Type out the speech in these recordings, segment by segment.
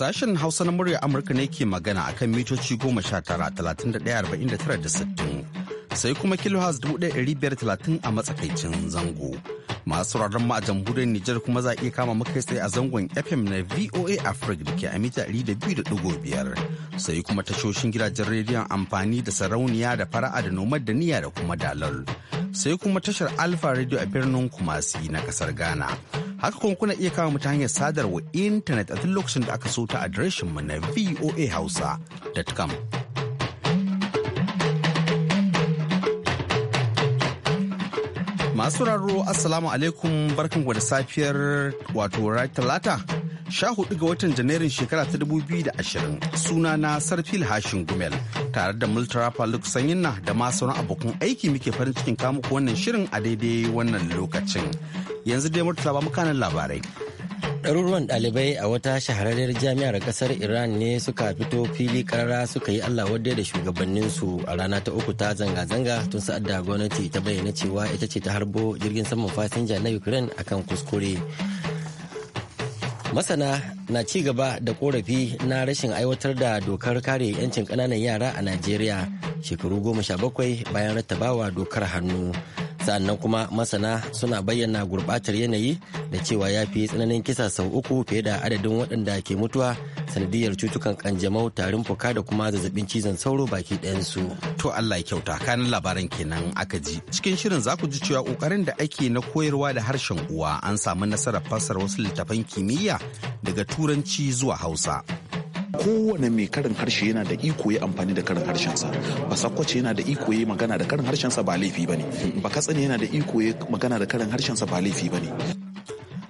Sashen Hausa na murya Amurka ne ke magana a kan mitoci 19,31,49,60 sai kuma kilohaz 1,530 a matsakaicin zango. Masu sauraron mu a jamhuriyar Nijar kuma za a iya kama makai tsaye a zangon FM na VOA Africa da ke a mita 200.5 sai kuma tashoshin gidajen rediyon amfani da sarauniya da fara'a da nomad da niyya da kuma dalar. Sai kuma tashar Alfa Radio a birnin Kumasi na kasar Ghana. Haka kuma kuna iya kawo ta hanyar sadarwa intanet a duk lokacin da aka so ta adireshin mu na voahausa.com. Masu raro Assalamu alaikum barkan da safiyar wato talata 14 ga watan janairun shekara ta 2020 suna na sarfil hashin gumel tare da multirapa faluk sanyinna da ma sauran abokan aiki muke farin cikin kamu wannan shirin a daidai wannan lokacin yanzu dai murtala ba mukanan labarai ɗaruruwan ɗalibai a wata shahararriyar jami'ar ƙasar iran ne suka fito fili karara suka yi allah wadda da shugabanninsu a rana ta uku ta zanga-zanga tun sa'ad da gwamnati ta bayyana cewa ita ce ta harbo jirgin saman fasinja na ukraine akan kuskure masana na ci gaba da korafi na rashin aiwatar da dokar kare 'yancin kananan yara a najeriya shekaru goma sha bakwai bayan rattabawa dokar hannu sa'annan kuma masana suna bayyana gurbatar yanayi da cewa ya fi tsananin kisa sau uku fiye da adadin waɗanda ke mutuwa sanadiyar cutukan kanjamau tarin fuka da kuma zazzabin cizon sauro baki ɗayansu. to allah ya kyauta kanin labaran kenan aka ji cikin shirin za ku ji cewa ƙoƙarin da ake na koyarwa da harshen uwa an samu nasarar fassara wasu littafan kimiyya daga turanci zuwa hausa kowane mai karin harshe yana da iko ya amfani da karin harshensa ba sakwace yana da iko ya magana da karin harshensa ba laifi bane ba katsina yana da iko ya magana da karin harshensa ba laifi bane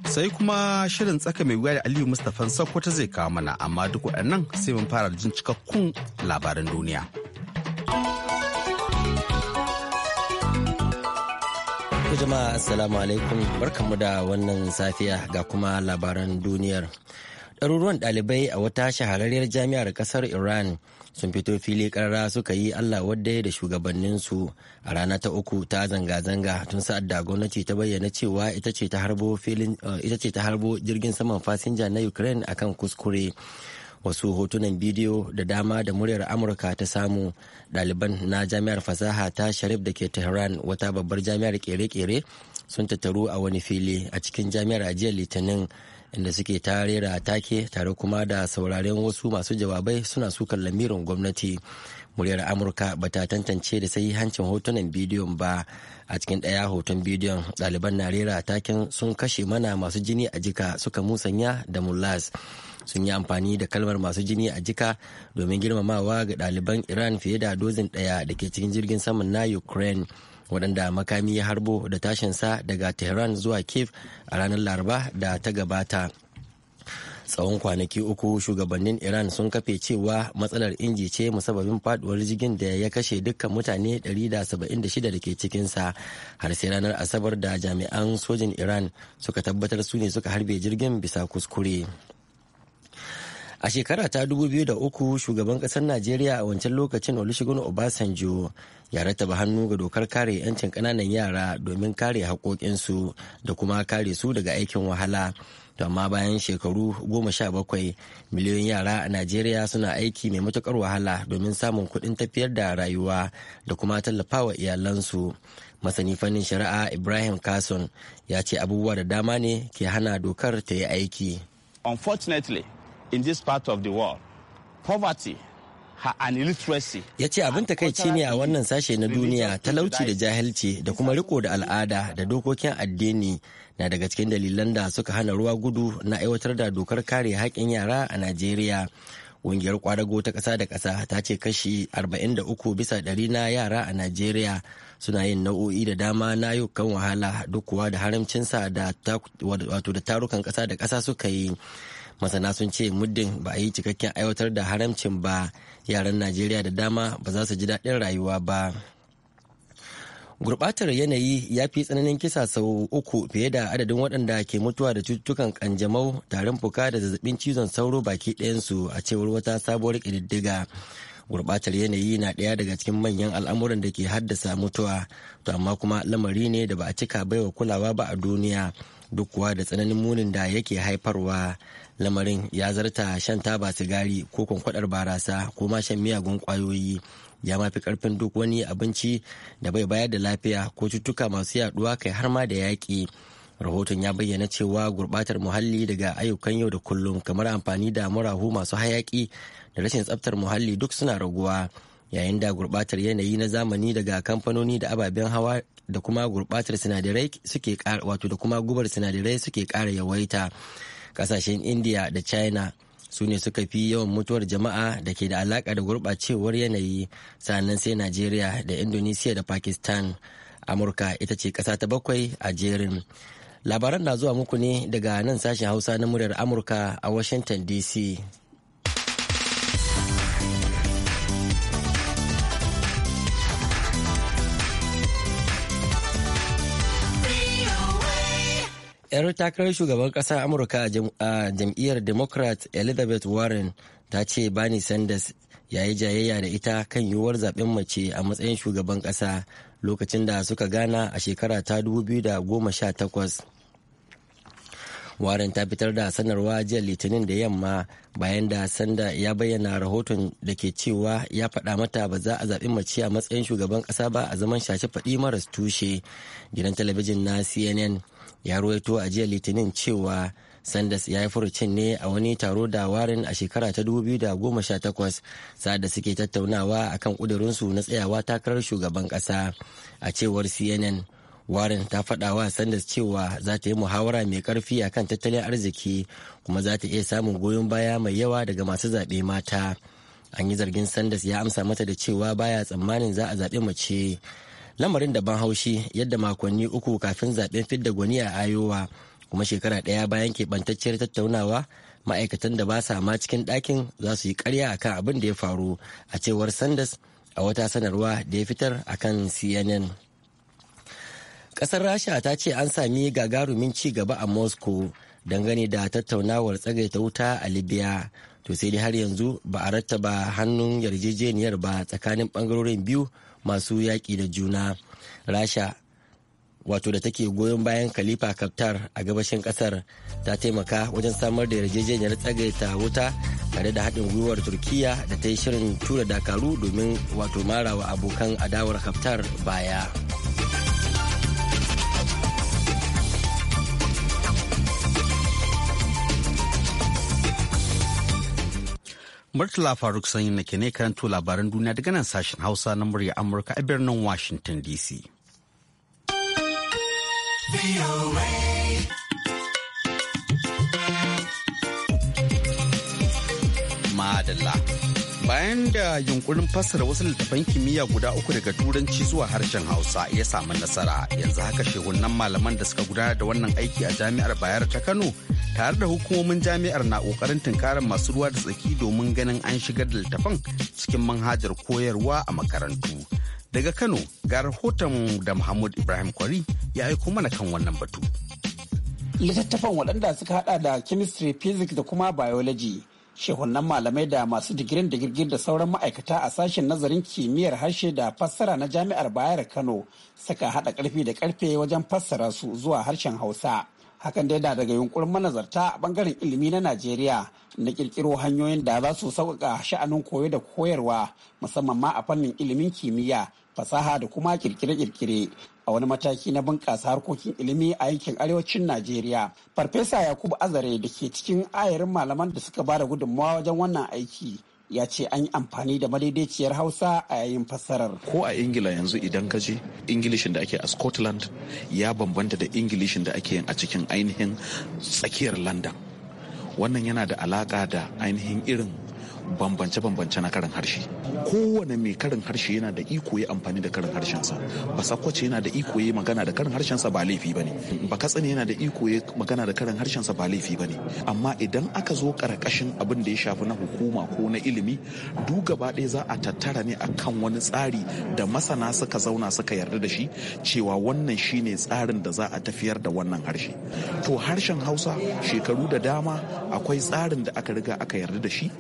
sai kuma shirin tsaka mai wuya da aliyu mustapha sakwata zai kawo mana amma duk waɗannan sai mun fara jin cikakkun labaran duniya jama'a assalamu alaikum barkamu da wannan safiya ga kuma labaran duniyar ɗaruruwan ɗalibai a wata shahararriyar jami'ar ƙasar iran sun fito fili ƙarara suka yi allah wadda da shugabanninsu a rana ta uku ta zanga-zanga tun sa'ad da gwamnati ta bayyana cewa ita ce ta harbo eh, jirgin saman fasinja na ukraine akan kuskure wasu hotunan bidiyo da dama da muryar amurka ta samu ɗaliban na jami'ar fasaha ta sharif da ke tehran wata babbar jami'ar kere-kere sun tattaru a wani fili a cikin jami'ar ajiyar litinin inda suke ta rera take tare kuma da sauraren wasu masu jawabai suna sukan lamirin gwamnati muryar amurka ba ta tantance da sai hancin hotunan bidiyon ba a cikin ɗaya hoton bidiyon ɗaliban na rera taken sun kashe mana masu jini a jika suka musanya da mullas sun yi amfani da kalmar masu jini a jika domin girmamawa ga ɗaliban iran fiye da dozin ɗaya da ke cikin jirgin saman na ukraine waɗanda makami ya harbo da tashin sa daga tehran zuwa kiev a ranar laraba da ta gabata tsawon kwanaki uku shugabannin iran sun kafe cewa matsalar inji ce musababin faduwar jirgin da ya kashe dukkan mutane 176 da ke cikinsa har sai ranar asabar da jami'an sojin iran suka tabbatar su ne suka harbe jirgin bisa kuskure. A shekara ta 2003 shugaban ƙasar Najeriya a wancan lokacin Olusegun Obasanjo ya rattaba hannu ga dokar kare 'yancin ƙananan yara domin kare haƙoƙinsu da kuma kare su daga aikin wahala. To amma bayan shekaru goma sha bakwai miliyoyin yara a Najeriya suna aiki mai matuƙar wahala domin samun kuɗin tafiyar da rayuwa da kuma tallafawa iyalansu. masani fannin shari'a ibrahim kason ya ce abubuwa da dama ne ke hana dokar ta yi aiki unfortunately in this part of the world. Poverty ya ce abin takaici ne a wannan sashe na duniya talauci da jahilci da kuma riko da al'ada da dokokin addini na daga cikin dalilan da suka hana ruwa gudu na aiwatar da dokar kare haƙƙin yara a najeriya ƙungiyar kwadago ta ƙasa da ƙasa ta ce kashi 43 bisa ɗari na yara a najeriya suna yin nau'o'i da dama na ayyukan wahala duk kuwa da haramcinsa wato da tarukan ƙasa da ƙasa suka yi masana sun ce muddin ba a yi cikakken aiwatar da haramcin ba yaran najeriya da dama ba za su ji daɗin rayuwa ba gurbatar yanayi ya fi tsananin kisa sau uku fiye da adadin waɗanda ke mutuwa da cututtukan kanjamau tarin fuka da zazzabin cizon sauro baki ɗayansu a cewar wata sabuwar ƙididdiga gurbatar yanayi na ɗaya daga cikin manyan al'amuran da ke haddasa mutuwa to amma kuma lamari ne da ba a cika baiwa kulawa ba a duniya duk kuwa da tsananin munin da yake haifarwa lamarin ya zarta shan taba sigari ko kwankwadar barasa ko ma shan miyagun kwayoyi ya mafi karfin duk wani abinci da bai bayar da lafiya ko cutuka masu yaduwa kai har ma da yaƙi rahoton ya bayyana cewa gurbatar muhalli daga ayyukan yau da kullum kamar amfani da murahu masu hayaƙi da rashin tsaftar muhalli duk suna raguwa yayin da gurbatar yanayi na zamani daga kamfanoni da ababen hawa da kuma gurbatar sinadarai suke wato da kuma gubar sinadarai suke ƙara yawaita kasashen india da china su ne suka fi yawan mutuwar jama'a da ke da alaka da gurɓacewar yanayi sannan sai nigeria da indonesia da pakistan amurka ita ce ƙasa ta bakwai a jerin labaran na zuwa muku ne daga nan sashen hausa na muryar amurka a washington dc 'yar takarar shugaban ƙasar amurka a jam'iyyar democrat elizabeth warren ta ce bani sanders ya yi jayayya da ita kan yiwuwar zaben mace a matsayin shugaban ƙasa lokacin da suka gana a shekara ta 2018 warren ta fitar da sanarwa jiya litinin da yamma bayan da sanda ya bayyana rahoton da ke cewa ya faɗa mata ba za a zaɓi mace a matsayin shugaban ƙasa ba a zaman shashe faɗi maras tushe gidan talabijin na cnn ya ruwaito a jiya litinin cewa sanders ya yi furucin ne a wani taro da warin a shekara ta 2018 sa'ad da suke tattaunawa a akan kudurinsu na tsayawa takarar shugaban kasa a cewar cnn warin ta faɗa wa sanders cewa za ta yi muhawara mai karfi kan tattalin arziki kuma za ta iya samun goyon baya mai yawa daga masu zaɓe mata an yi zargin sanders ya amsa mata da cewa baya tsammanin za a zaɓi mace lamarin da ban haushi yadda makonni uku kafin zaben fidda gwani a ayowa kuma shekara ɗaya bayan keɓantacciyar tattaunawa ma'aikatan da ba sa ma cikin ɗakin za su yi karya kan abin da ya faru a cewar sanders a wata sanarwa da ya fitar a kan cnn ƙasar rasha ta ce an sami gagarumin ci gaba a moscow dangane da tattaunawar tsagaita wuta a libya to sai dai har yanzu ba a rattaba hannun yarjejeniyar ba tsakanin ɓangarorin biyu masu yaƙi da juna rasha wato da take goyon bayan khalifa kaftar a gabashin kasar ta taimaka wajen samar da yarjejeniyar tsagaita wuta tare da haɗin gwiwar turkiya da ta yi shirin tura dakaru domin wato marawa abokan adawar kaftar baya. Murtala Faruk sanyi na ne karanto labaran duniya daga nan sashen Hausa na murya Amurka a birnin Washington DC. Madalla. bayan da yunkurin fassara wasu littafan kimiyya guda uku daga turanci zuwa harshen hausa ya samu nasara yanzu haka shehunan malaman da suka gudanar da wannan aiki a jami'ar bayar ta kano tare da hukumomin jami'ar na kokarin tunkarar masu ruwa da tsaki domin ganin an shigar da littafan cikin manhajar koyarwa a makarantu daga kano ga rahoton da muhammad ibrahim kwari ya aiko mana kan wannan batu littattafan waɗanda suka hada da chemistry physics da kuma biology shehunan malamai da masu digirin da girgir da sauran ma'aikata a sashen nazarin kimiyyar harshe da fassara na jami'ar bayar kano suka haɗa ƙarfi da ƙarfe wajen fassara su zuwa harshen hausa hakan dai na daga yunkurin manazarta a ɓangaren ilimi na najeriya na ƙirƙiro hanyoyin da za su sauƙaƙa sha'anin koyo da koyarwa musamman ma a fannin ilimin kimiyya fasaha da kuma kirkire-kirkire a wani mataki na bunƙasa harkokin ilimi a yankin arewacin najeriya farfesa yakubu azare da ke cikin ayarin malaman da suka ba da gudunmawa wajen wannan aiki ya ce an yi amfani da madaidaiciyar hausa a yayin fassarar ko a ingila yanzu idan ka je ingilishin da ake a scotland ya bambanta da ingilishin da ake yin a cikin ainihin tsakiyar london wannan yana da alaƙa da ainihin irin bambance-bambance na karin harshe kowane mai karin harshe yana da iko ya amfani da karin harshensa ba sakwace yana da iko ya magana da karin harshensa ba laifi ba ne ba katsina yana da iko ya magana da karin harshensa ba laifi ba ne amma idan aka zo karkashin abin da ya shafi na hukuma ko na ilimi duk gaba ɗaya za a tattara ne akan wani tsari da masana suka zauna suka yarda da shi cewa wannan shine tsarin da za a tafiyar da wannan harshe to harshen hausa shekaru da dama akwai tsarin da aka riga aka yarda da shi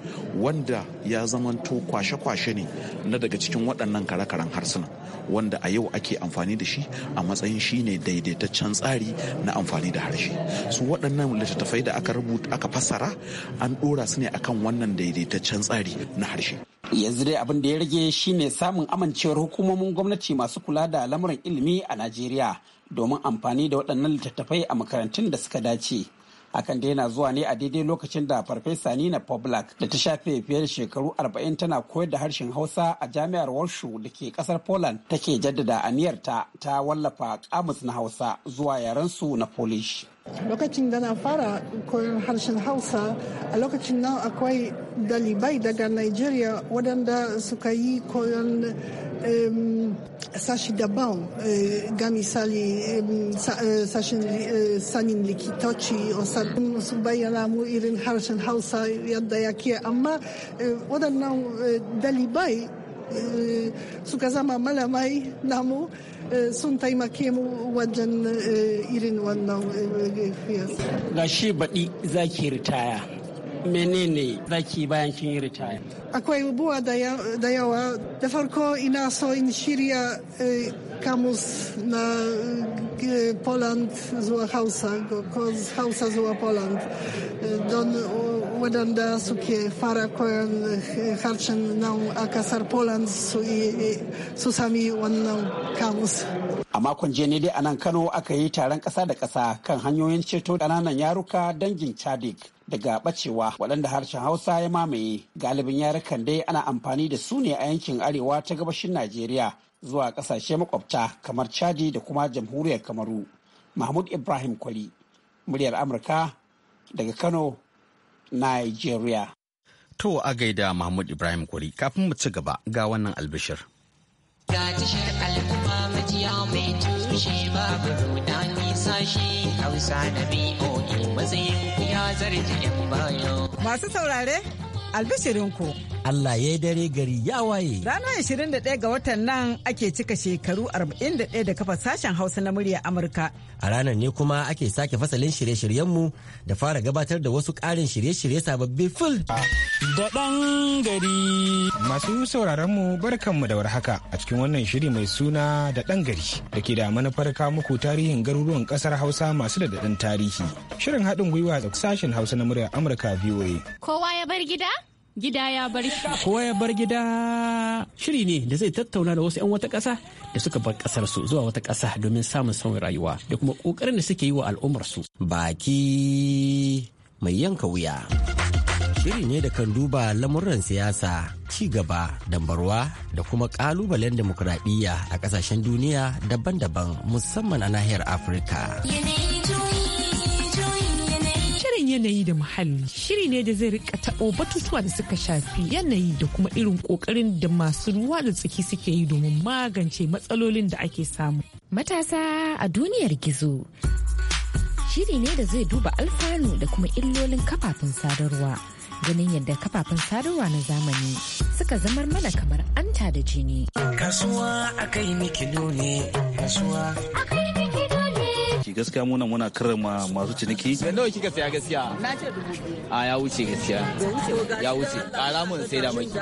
wanda ya zamanto kwashe-kwashe ne na daga cikin waɗannan kare-karen harsuna wanda a yau ake amfani da shi a matsayin shi ne daidaitaccen tsari na amfani da harshe su waɗannan littattafai da aka rubuta aka fassara an ɗora su ne akan wannan daidaitaccen tsari na harshe yanzu dai abin da ya rage shine samun amincewar hukumomin gwamnati masu kula da lamuran ilimi a najeriya domin amfani da waɗannan littattafai a makarantun da suka dace hakan da yana zuwa ne a daidai lokacin da farfesa nina poblak da ta shafe fiye da shekaru 40 tana koyar da harshen hausa a jami'ar warshu da ke kasar poland take jaddada aniyarta ta wallafa kamus na hausa zuwa yaren su na polish lokacin da na fara koyon harshen hausa a lokacin nan akwai dalibai daga nigeria waɗanda suka yi koyon sashi daban ga misali sashin sanin likitoci osarkun su bayyana mu irin harshen hausa yadda yake amma waɗannan dalibai suka zama malamai namu sun taimake mu wajen irin wannan Ga shi baɗi za ki ritaya menene zaki bayan kin yi ritaya akwai abubuwa da yawa da farko ina so in shirya eh, kamus na eh, poland zuwa hausa hausa zuwa poland eh, don wadanda suke fara koyon harshen nan a kasar poland su sami wannan kamus a makon jiya ne dai a nan kano aka yi taron ƙasa da ƙasa kan hanyoyin ceto ƙananan yaruka dangin chadik daga ɓacewa. waɗanda harshen hausa ya mamaye galibin yarukan dai ana amfani da su ne a yankin arewa ta gabashin najeriya zuwa ƙasashe makwabta kamar chadi da kuma jamhuriyar kamaru mahmud ibrahim kwali muryar amurka daga kano nigeria to a gaida mahmud ibrahim kwali kafin mu ci gaba ga wannan albishir Ga tashar al'umma majiya mai tushe babu rudani sashi Hausa na BOA e, matsayin ya zargi 'yan bayo. Masu saurare ku? Allah ya yi dare gari ya waye. Ranar 21 ga watan nan ake cika shekaru 41 da kafa sashen Hausa na murya Amurka. A ranar ne kuma ake sake fasalin shirye-shiryenmu da fara gabatar da wasu ƙarin shirye-shirye sababbi fil. Da ɗan gari. Masu sauraron mu barkanmu da warhaka a cikin wannan shiri mai suna da ɗan gari da ke da manufar muku tarihin garuruwan ƙasar Hausa masu da daɗin tarihi. Shirin haɗin gwiwa da sashen Hausa na murya Amurka VOA. Kowa ya bar gida? gida ya bar shi. Kowa ya bar gida shiri ne da zai tattauna da wasu 'yan wata ƙasa da suka bar ƙasar su zuwa wata ƙasa domin samun sauyin rayuwa da kuma ƙoƙarin da suke yi wa al'ummar su. Baki mai yanka wuya. Shiri ne da kan duba lamuran siyasa, ci gaba, dambarwa da kuma ƙalubalen demokuraɗiyya a ƙasashen duniya daban-daban musamman a nahiyar Afirka. yanayi da muhalli shiri ne da zai rika taɓo batutuwa da suka shafi yanayi da kuma irin ƙoƙarin da masu ruwa da tsaki suke yi domin magance matsalolin da ake samu. Matasa a duniyar gizo. Shiri ne da zai duba alfanu da kuma illolin kafafen sadarwa. Ganin yadda kafafen sadarwa na zamani suka zamar mana kamar anta da jini. Kasuwa akai mikilo ne, kasuwa ciniki gaskiya muna muna karrama masu ciniki da nawa kika saya gaskiya na ce dubu a ya wuce gaskiya ya wuce ƙara mun sai da maki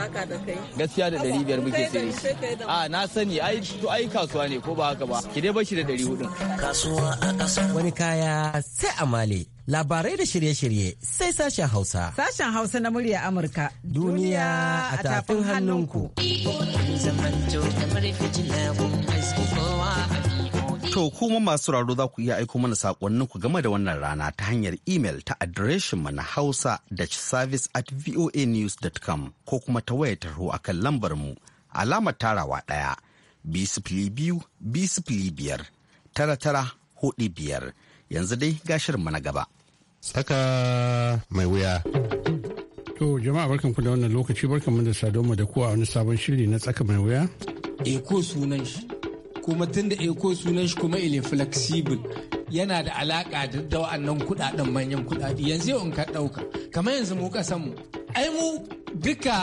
gaskiya da dari biyar muke sai a na sani ai to ai kasuwa ne ko ba haka ba ki dai bashi da dari hudu kasuwa a ƙasa wani kaya sai amale labarai da shirye-shirye sai sashen hausa sashen hausa na murya amurka duniya a tafin hannunku zaman to kamar fitila To kuma masu raro za ku iya aiko mana sakonnin ku game da wannan rana ta hanyar email ta adireshin mana na hausa service at voanews.com ko kuma ta waya taro a kan lambar mu alamar tarawa ɗaya bisifili biyu bisifili biyar tara tara hudu biyar yanzu dai gashir mana na gaba. Saka mai wuya. To jama'a barkanku da wannan lokaci mu da sadoma da kowa wani sabon shiri na tsaka mai wuya. Eko eh, sunan shi. kuma tun da Eko sunan shi kuma ile flexible yana da alaka da wa'annan kudaden manyan kudade yanzu yau in ka dauka kamar yanzu mu kasan mu ai mu duka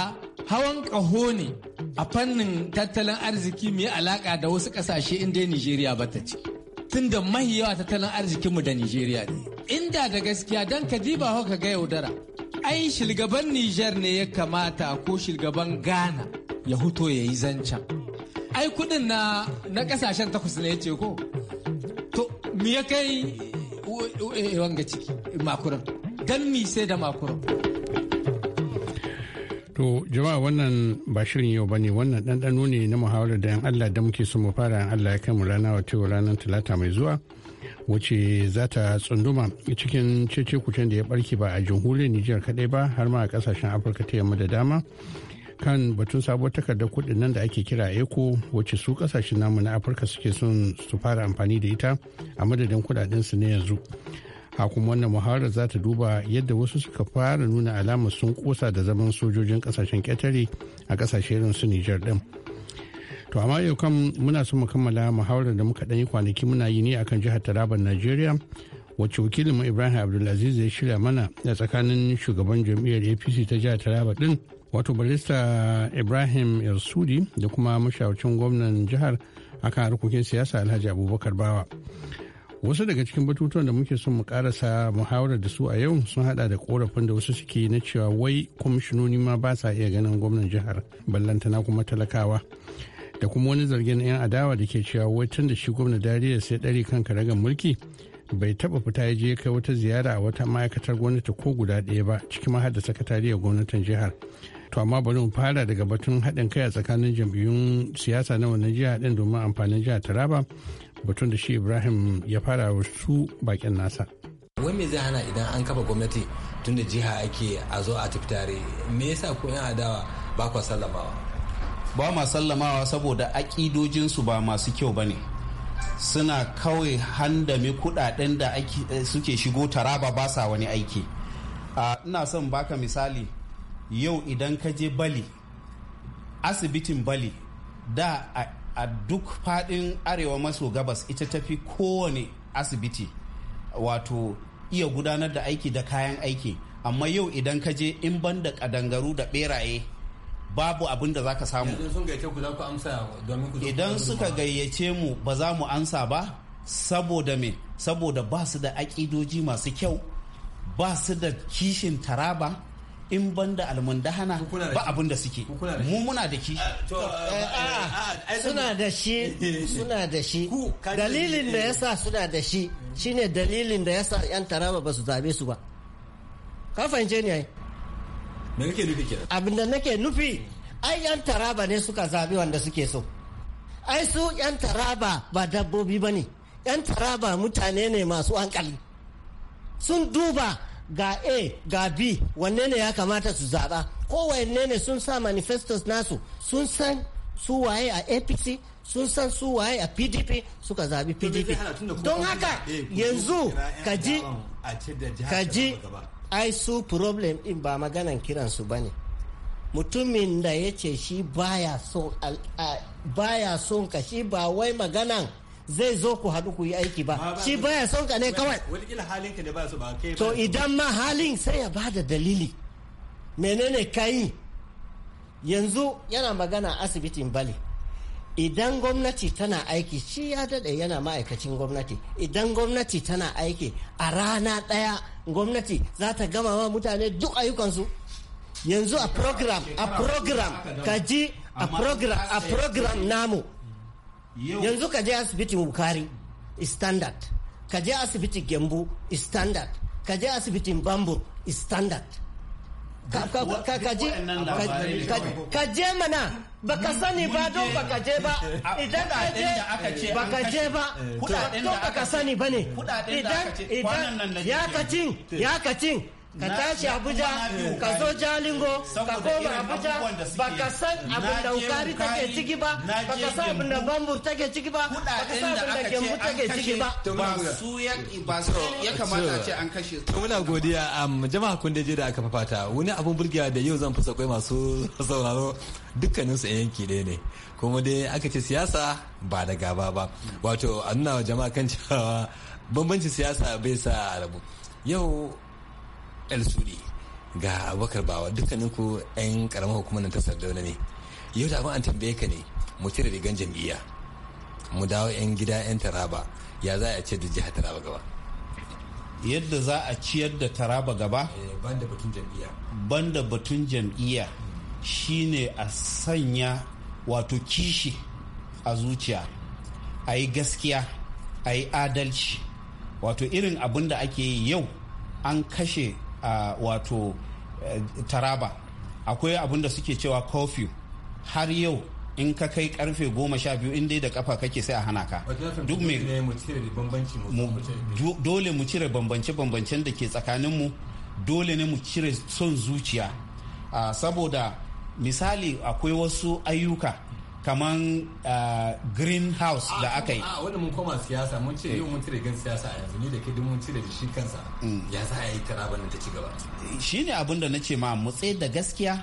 hawan kaho ne a fannin tattalin arziki mai alaka da wasu kasashe inda Nigeria ba ta ci tun da mahi yawa tattalin arzikin mu da Nigeria ne inda da gaskiya don ka diba ka ga yaudara ai shilgaban Niger ne ya kamata ko shilgaban Ghana ya huto ya yi ai kudin na na kasashen takwas ne yace ko to me ya kai e, e, wanga ciki makuran dan mi sai da makuran To jama'a wannan ba shirin yau bane wannan ɗanɗano ne na muhawarar da 'yan Allah da muke so mu fara 'yan Allah ya kai mu rana wato ranar talata mai zuwa wuce za ta tsunduma cikin cece kucin da ya barke ba a jamhuriyar Nijar kaɗai ba har ma a kasashen Afirka ta yamma da dama kan batun sabuwar takardar kuɗin nan da ake kira eco wacce su kasashen namu na afirka suke son su fara amfani da ita a madadin kuɗaɗen su na yanzu a kuma wannan muhawarar za ta duba yadda wasu suka fara nuna alamar sun kosa da zaman sojojin kasashen ƙyatare a kasashe irin su nijar ɗin to amma yau kan muna son mu kammala muhawarar da muka dan yi kwanaki muna yi ne akan jihar taraban najeriya wacce wakilinmu ibrahim abdulaziz ya shirya mana a tsakanin shugaban jam'iyyar apc ta jihar taraba din wato barista ibrahim yasudi da kuma mashawarcin gwamnan jihar akan harkokin siyasa alhaji abubakar bawa wasu daga cikin batutuwan da muke son mu karasa muhawarar da su a yau sun hada da korafin da wasu suke na cewa wai kwamishinoni ma ba sa iya ganin gwamnan jihar ballantana kuma talakawa da kuma wani zargin 'yan adawa da ke cewa wai tun da shi gwamna dariya sai dare kan karagar mulki bai taba fita ya je kai wata ziyara a wata ma'aikatar gwamnati ko guda ɗaya ba cikin ma har da sakatariyar gwamnatin jihar to amma bari mu fara daga batun haɗin kai a tsakanin jam'iyyun siyasa na wannan jiha ɗin domin amfanin jihar taraba batun da shi ibrahim ya fara su bakin nasa wai me zai hana idan an kafa gwamnati tunda jiha ake a zo a tafi tare me yasa ku yan adawa ba ku sallamawa ba ma sallamawa saboda aƙidojinsu ba masu kyau ba ne suna kawai handame kuɗaɗen da eh, suke shigo taraba ba sa wani aiki ah, ina son baka misali yau idan ka je bali asibitin bali da a, duk fadin arewa maso gabas ita tafi kowane asibiti wato iya gudanar da aiki da kayan aiki amma yau idan ka je in ban da kadangaru da beraye babu abin da za ka samu idan suka gayyace mu ba za mu ansa ba saboda me saboda ba su da aƙidoji masu kyau ba su da kishin taraba in ban da almundahana ba abin da suke mu muna da ki ah, eh, eh, ah, ah, suna da shi suna da shi dalilin da yasa suna da shi shine dalilin da yasa yan taraba ba su zabe su ba ka fahimce ne me kake nufi kenan abin da nake nufi ai yan taraba ne suka zabe wanda suke so ai su yan taraba ba dabbobi bane yan taraba mutane ne masu hankali sun duba ga a ga b wanne ne ya kamata su zaɓa kowanne ne sun sa manifestos nasu sun san su waye a apc sun san su waye a pdp suka zaɓi pdp don haka yanzu kaji kaji ai su problem ɗin ba maganan kiransu ba ne mutumin da ya ce shi baya son ka shi ba wai maganan zai zo ku haɗu ku yi aiki ba shi baya son ka ne kawai to idan ma halin sai ya bada dalili menene kayi yanzu yana magana asibitin bali idan gwamnati tana aiki shi ya daɗe yana ma'aikacin gwamnati idan gwamnati tana aiki a rana ɗaya gwamnati za ta gama wa mutane duk ayyukansu yanzu a program a program ka ji a program a program namu yanzu ka je asibitin bukari standard ka je asibitin gembu standard ka je asibitin bambur standard ka je mana baka sani ba don baka je ba idan ka je baka je ba eh, to baka sani ba ne idan ya kacin ya kacin ka tashi abuja ka zo jalingo ka koma abuja ba ka san abin da ukari take ciki ba ba ka san abin da bambur take ciki ba ba ka san abin da gembu take ciki ba ba su ya kamata ce an kashe su muna godiya um, jama'a kun je da aka fafata wani abun burgewa da yau zan fi sakwai masu sauraro dukkanin su yanki ɗaya ne kuma dai aka ce siyasa ba da gaba ba wato a nuna wa jama'a kan cewa bambancin siyasa bai sa rabu yau el sudi ga abubakar bawa dukkanin ku yan karamar hukumar nan ta sardauna ne yau da an tambaye ka ne mu cire rigan jam'iyya mu dawo yan gida yan taraba ya za a ce da jihar taraba gaba yadda za a ciyar da taraba gaba eh, banda batun jam'iyya banda batun jam'iyya shine a sanya wato kishi a zuciya a yi gaskiya a yi adalci wato irin abin da ake yi yau an kashe a wato eh, taraba akwai abin da suke cewa curfew har yau in ka kai karfe goma sha biyu in dai da kafa kake sai a hana ka duk mai dole mu cire bambance bambancen da ke tsakaninmu dole ne mu cire son zuciya saboda misali akwai wasu ayyuka kaman ah, greenhouse da ah, aka yi a ah, wanda mun koma siyasa mun ce yau mun cire gan siyasa a yanzu ni da ke mun cire da shi kansa mm. ya za a yi karaban ta ci gaba Shi ne abin da ce ma mu tsaye da gaskiya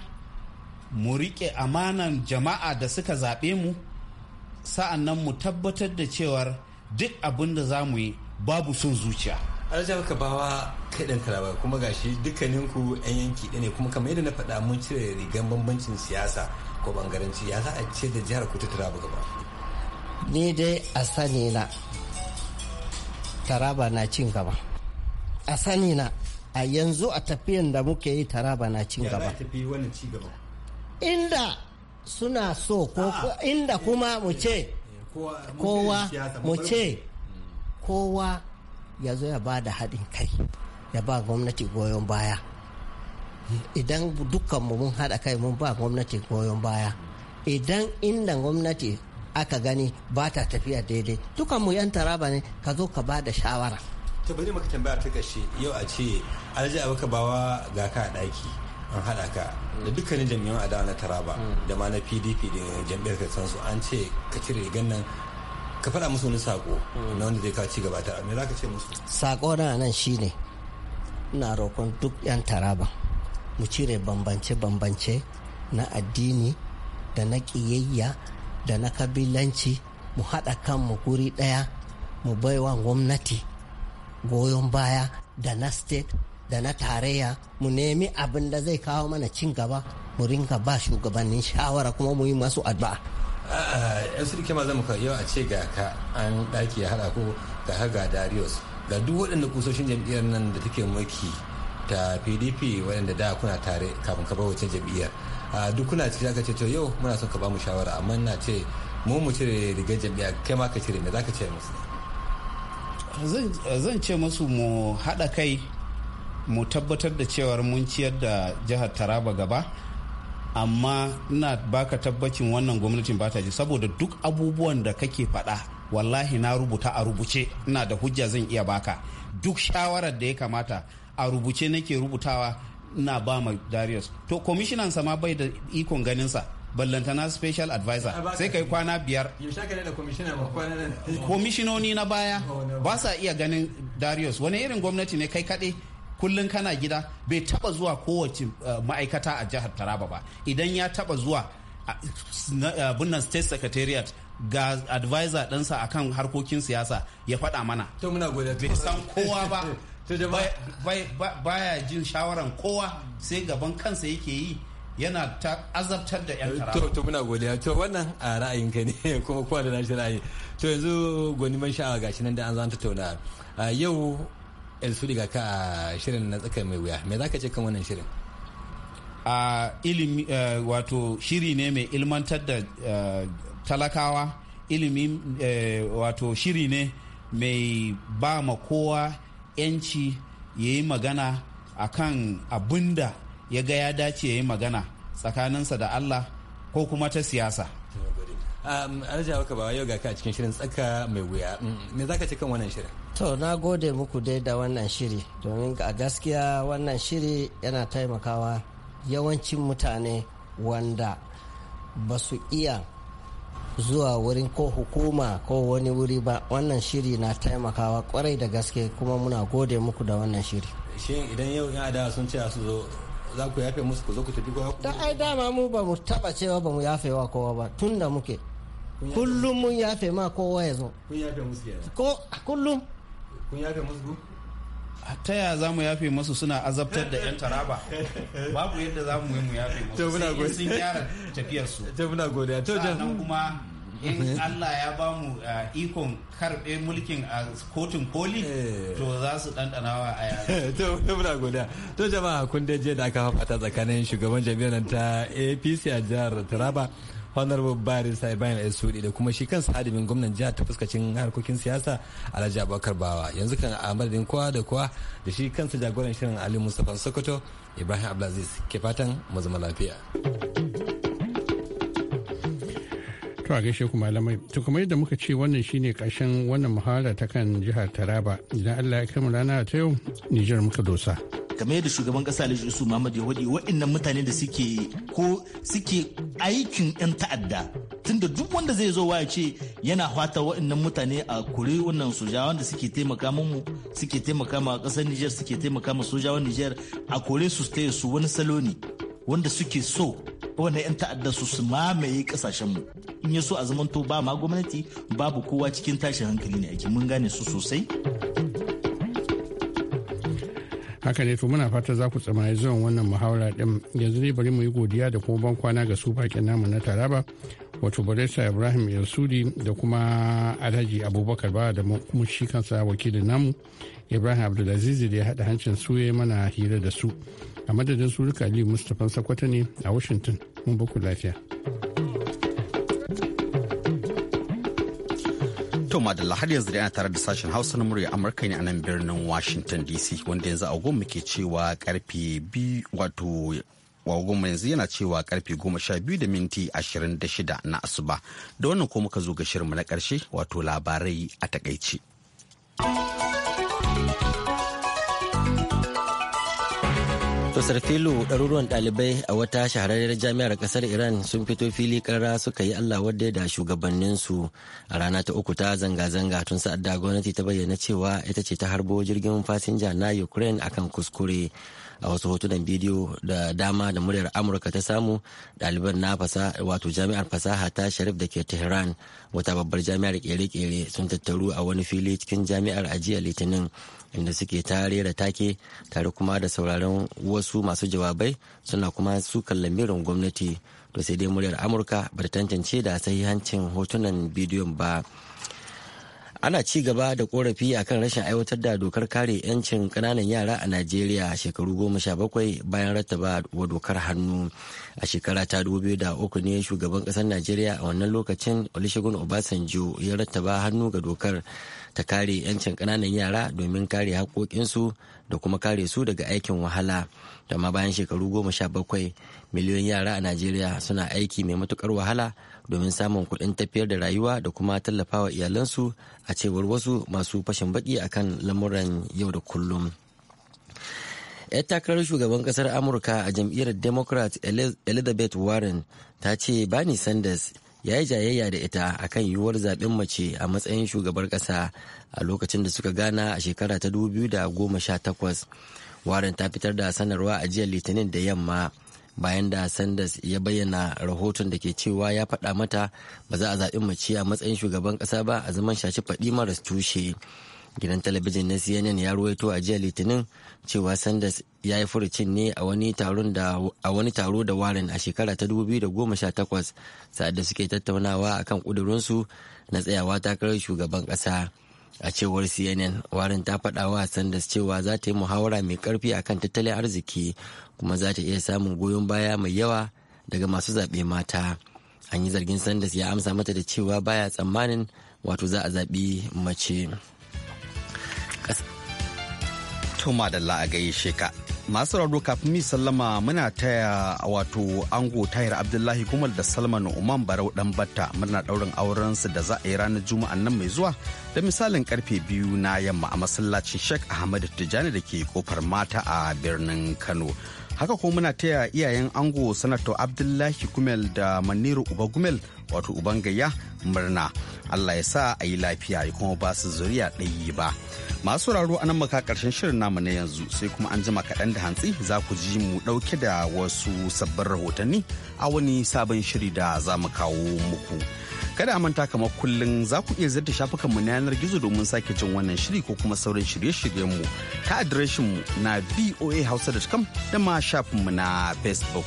mu rike amanan jama'a da suka zaɓe mu sa'an nan mu tabbatar da cewar duk abin da za mu yi babu son zuciya alhaji ka bawa kai dan karaba kuma gashi dukkaninku yan yanki ɗane kuma kamar yadda na faɗa mun cire rigan bambancin siyasa ko bangaranci ya za a ce da jihar ku ta taraba gaba ni dai a sani na taraba na cin gaba a sani na a yanzu a tafiyan da muke yi taraba na cin gaba inda suna so ko ah. inda kuma mu eh, ce eh, kowa mu ce kowa ya zo ya ba da haɗin kai ya ba gwamnati goyon baya idan dukkanmu mun haɗa kai mun ba gwamnati goyon baya idan inda gwamnati aka gani ba ta tafiya daidai dukkanmu yan taraba ne ka zo ka ba da shawara ta bari maka tambaya ta kashe yau a ce alhaji abaka bawa ga ka daki an haɗa ka da dukkanin jami'an adawa na taraba da ma na pdp da jam'iyyar ka san su an ce ka cire rigan nan ka faɗa musu wani sako na wanda zai kawo ci gaba ta me za ka ce musu sako na nan shine ina roƙon duk yan taraba mu cire bambance-bambance na addini da na ƙiyayya da na kabilanci mu haɗa kanmu guri ɗaya mu baiwa gwamnati goyon baya da na state da na tarayya mu nemi abin da zai kawo mana cin gaba mu ringa ba shugabannin shawara kuma mu yi masu addu'a. yan sirke ma zama yau a ce ga ka an ɗaki ya haɗa ko ga haga darius ga duk waɗanda kusoshin jam'iyyar nan da take mulki ta pdp waɗanda da kuna tare kafin ka wacce jam'iyyar duk kuna ciki aka ce to yau muna son ka ba shawara amma na ce mu mu cire rigar jam'iyya kai ma ka cire me zaka ce musu zan ce musu mu haɗa kai mu tabbatar da cewar mun ciyar da jihar taraba gaba amma ina baka tabbacin wannan gwamnatin ba ta ji saboda duk abubuwan da kake faɗa wallahi na rubuta a rubuce ina da hujja zan iya baka duk shawarar da ya kamata a rubuce nake rubutawa na ba ma Darius to kwamishinan ma bai da ikon ganinsa sa ballantana special advisor sai kai kwana biyar komishinoni oh, na baya ba sa iya ganin Darius wani irin gwamnati ne kai kaɗai kullum kana gida bai taba zuwa kowace eh, ma'aikata a jihar taraba ba idan ya taba zuwa bunnan state secretariat ga advisor ɗansa akan harkokin siyasa ya faɗa mana to bai san kowa ba baya jin shawaran kowa sai gaban kansa yake yi yana ta azabtar da 'yan karatu. To muna godiya to wannan a ka ne kuma kowa da nashi ra'ayi. To yanzu gwani man sha'awa shi nan da an zan tattauna. Yau El su daga ka shirin na tsakar mai wuya me za ka ce kan wannan shirin? A ilimi wato shiri ne mai ilmantar da talakawa ilimi wato shiri ne mai ba ma kowa 'yanci ya yi magana a kan abin da ya ga ya dace ya yi magana tsakaninsa da Allah ko kuma ta siyasa. Um, Alhaji Abubakar yau ga ka cikin shirin tsaka mai wuya. Mm, me za ka ci kan wannan shirin? To na gode muku dai da wannan shiri domin a gaskiya wannan shiri yana taimakawa yawancin mutane wanda ba su iya zuwa wurin ko hukuma ko wani wuri ba wannan shiri na taimakawa kwarai da gaske kuma muna gode muku da wannan shiri shin idan yau ya adawa sun ce su zo za ku yafe musu ku zo ku tafi kowa da ai dama mu ba mu taba cewa ba mu yafe wa kowa ba tun da muke kullum mun yafe ma kowa ya zo kun yafe musu ko kullum kun yafe musu ta yaya za mu yafe masu suna azabtar da 'yan taraba babu yadda za mu yi mu yafe masu sun gyara tafiyarsu ta muna godiya to jan kuma in Allah ya ba mu uh, ikon karbe mulkin a kotun koli eh. to za su ɗanɗanawa a yara to muna godiya to jama'a kun da aka fafata tsakanin shugaban jami'an ta apc a jihar taraba honorable barista ibrahim sudi da kuma shi kansa hadimin gwamnan jihar ta fuskacin harkokin siyasa alhaji abubakar bawa yanzu kan a madadin kowa da kowa da shi kansa jagoran shirin ali mustapha sokoto ibrahim abdulaziz ke fatan mu zama lafiya. To a gaishe ku malamai. To kuma yadda muka ce wannan shine karshen wannan muhala ta kan jihar Taraba. Idan Allah ya kama rana ta yau Nijar muka dosa. Kamar yadda shugaban kasa Alhaji isu Muhammad ya wadi waɗannan mutane da suke ko suke aikin 'yan ta'adda tunda duk wanda zai zo waya ce yana fata waɗannan mutane a kuri wannan sojawan da suke taimaka mu suke taimaka ma ƙasar Nijar suke taimaka ma sojawan Nijar a kore su su wani salo ne wanda suke so wanda 'yan ta'adda su su mamaye kasashenmu in ya so a zamanto ba ma gwamnati babu kowa cikin tashin hankali ne ake mun gane su sosai haka ne to muna fata za ku tsamaye zuwan wannan muhawara din yanzu ne bari mu yi godiya da kuma ban kwana ga su bakin namu na taraba wato barista ibrahim yasudi da kuma alhaji abubakar ba da kuma shi kansa wakilin namu ibrahim abdulaziz da ya haɗa hancin su mana hira da su a madadin surika ali mustapha sakwata ne a washington mun baku lafiya to da har yanzu da yana tare da sashen hausa na murya amurka ne a nan birnin washington dc wanda yanzu a goma ke cewa karfe biyu wato wagon yanzu yana cewa karfe goma sha biyu da minti ashirin da shida na asuba da wannan ko muka zo ga shirinmu na karshe wato labarai a takaice. filu ɗaruruwan ɗalibai a wata shahararriyar jami'ar ƙasar iran sun fito fili ƙarara suka yi allah wadda da shugabanninsu a rana ta uku ta zanga-zanga tun sa'ad da gwamnati ta bayyana cewa ita ce ta harbo jirgin fasinja na ukraine akan kuskure a wasu hotunan bidiyo da dama da muryar amurka ta samu ɗaliban na fasaha wato jami'ar fasaha ta sharif da ke tehran wata babbar jami'ar kere-kere sun tattaru a wani fili cikin jami'ar ajiya litinin inda suke tare da take tare kuma da sauraron wasu masu jawabai suna kuma su lamirin gwamnati to sai dai muryar amurka ba ta tantance da sahihancin hotunan bidiyon ba. ana ci gaba da korafi akan rashin aiwatar da dokar kare 'yancin kananan yara a najeriya shekaru goma sha bakwai bayan rattaba wa dokar hannu a shekara ta uku ne shugaban kasar najeriya a wannan lokacin olusegun obasanjo ya rattaba hannu ga dokar ta kare 'yancin kananan yara domin kare haƙoƙinsu da kuma kare su daga aikin wahala da ma bayan shekaru goma sha bakwai miliyoyin yara a najeriya suna aiki mai matukar wahala domin samun kuɗin tafiyar da rayuwa da kuma tallafawa iyalansu a cewar wasu masu fashin baki akan lamuran yau da kullum. 'yar takarar shugaban kasar amurka a jam'iyyar democrat elizabeth warren ta ce bani sanders ya yi jayayya da ita akan yiwuwar zaben mace a matsayin shugabar kasa a lokacin da suka gana a shekara ta 2018 warren ta fitar da sanarwa a jiya litinin da yamma bayan da sanders ya bayyana rahoton da ke cewa ya faɗa mata ba za a zaɓi mace a matsayin shugaban ƙasa ba a zaman shashi faɗi maras tushe gidan talabijin na cnn ya ruwaito a jiya litinin cewa sanders ya yi furucin ne a wani taro da warren a shekara ta 2018 sa'ad da suke tattaunawa akan kudurinsu na tsayawa takarar shugaban ƙasa. a cewar cnn warin ta faɗa wa sanders cewa za ta yi muhawara mai karfi akan tattalin arziki kuma za ta iya samun goyon baya mai yawa daga masu zaɓe mata an yi zargin sanders ya amsa mata da cewa baya tsammanin wato za a zaɓi mace tuma da la'agai sheka masu rado kafin mi sallama muna taya wato ango tahir abdullahi kumal da salman umar barau dan batta muna daurin aurensu da za a yi ranar juma'a nan mai zuwa da misalin karfe biyu na yamma a masallacin sheikh ahmadu tijjani da ke kofar mata a birnin kano haka kuma muna taya iyayen ango sanato abdullahi gumel da maniru uba gumel wato uban gayya murna allah ya sa a yi lafiya ya kuma ba su zuriya ɗayi ba masu raro anan maka karshen shirin namu na yanzu sai kuma an jima kaɗan da hantsi za ku ji mu ɗauke da wasu sabbin rahotanni a wani sabon shiri da za mu kawo muku. Kada a manta kamar kullum za ku iya ziyarta shafukanmu na yanar gizo domin sake jin wannan shiri ko kuma sauran shirye-shiryenmu ta adireshinmu na voahausa.com da ma shafinmu na Facebook.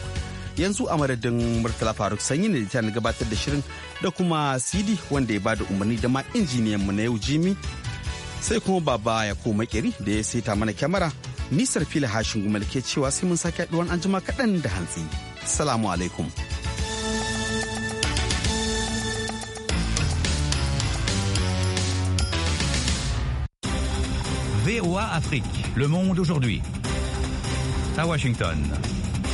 Yanzu a madadin Murtala Faruk Sanyi ne da ta gabatar da shirin da kuma CD wanda ya bada umarni da ma injiniyan mu na yau jimi sai kuma baba ya koma kiri da ya saita mana kyamara nisar fila hashin gumal ke cewa sai mun sake haɗuwan anjima kaɗan da hantsi. Salamu alaikum. VOA Afrique, Le Monde aujourd'hui. À Washington.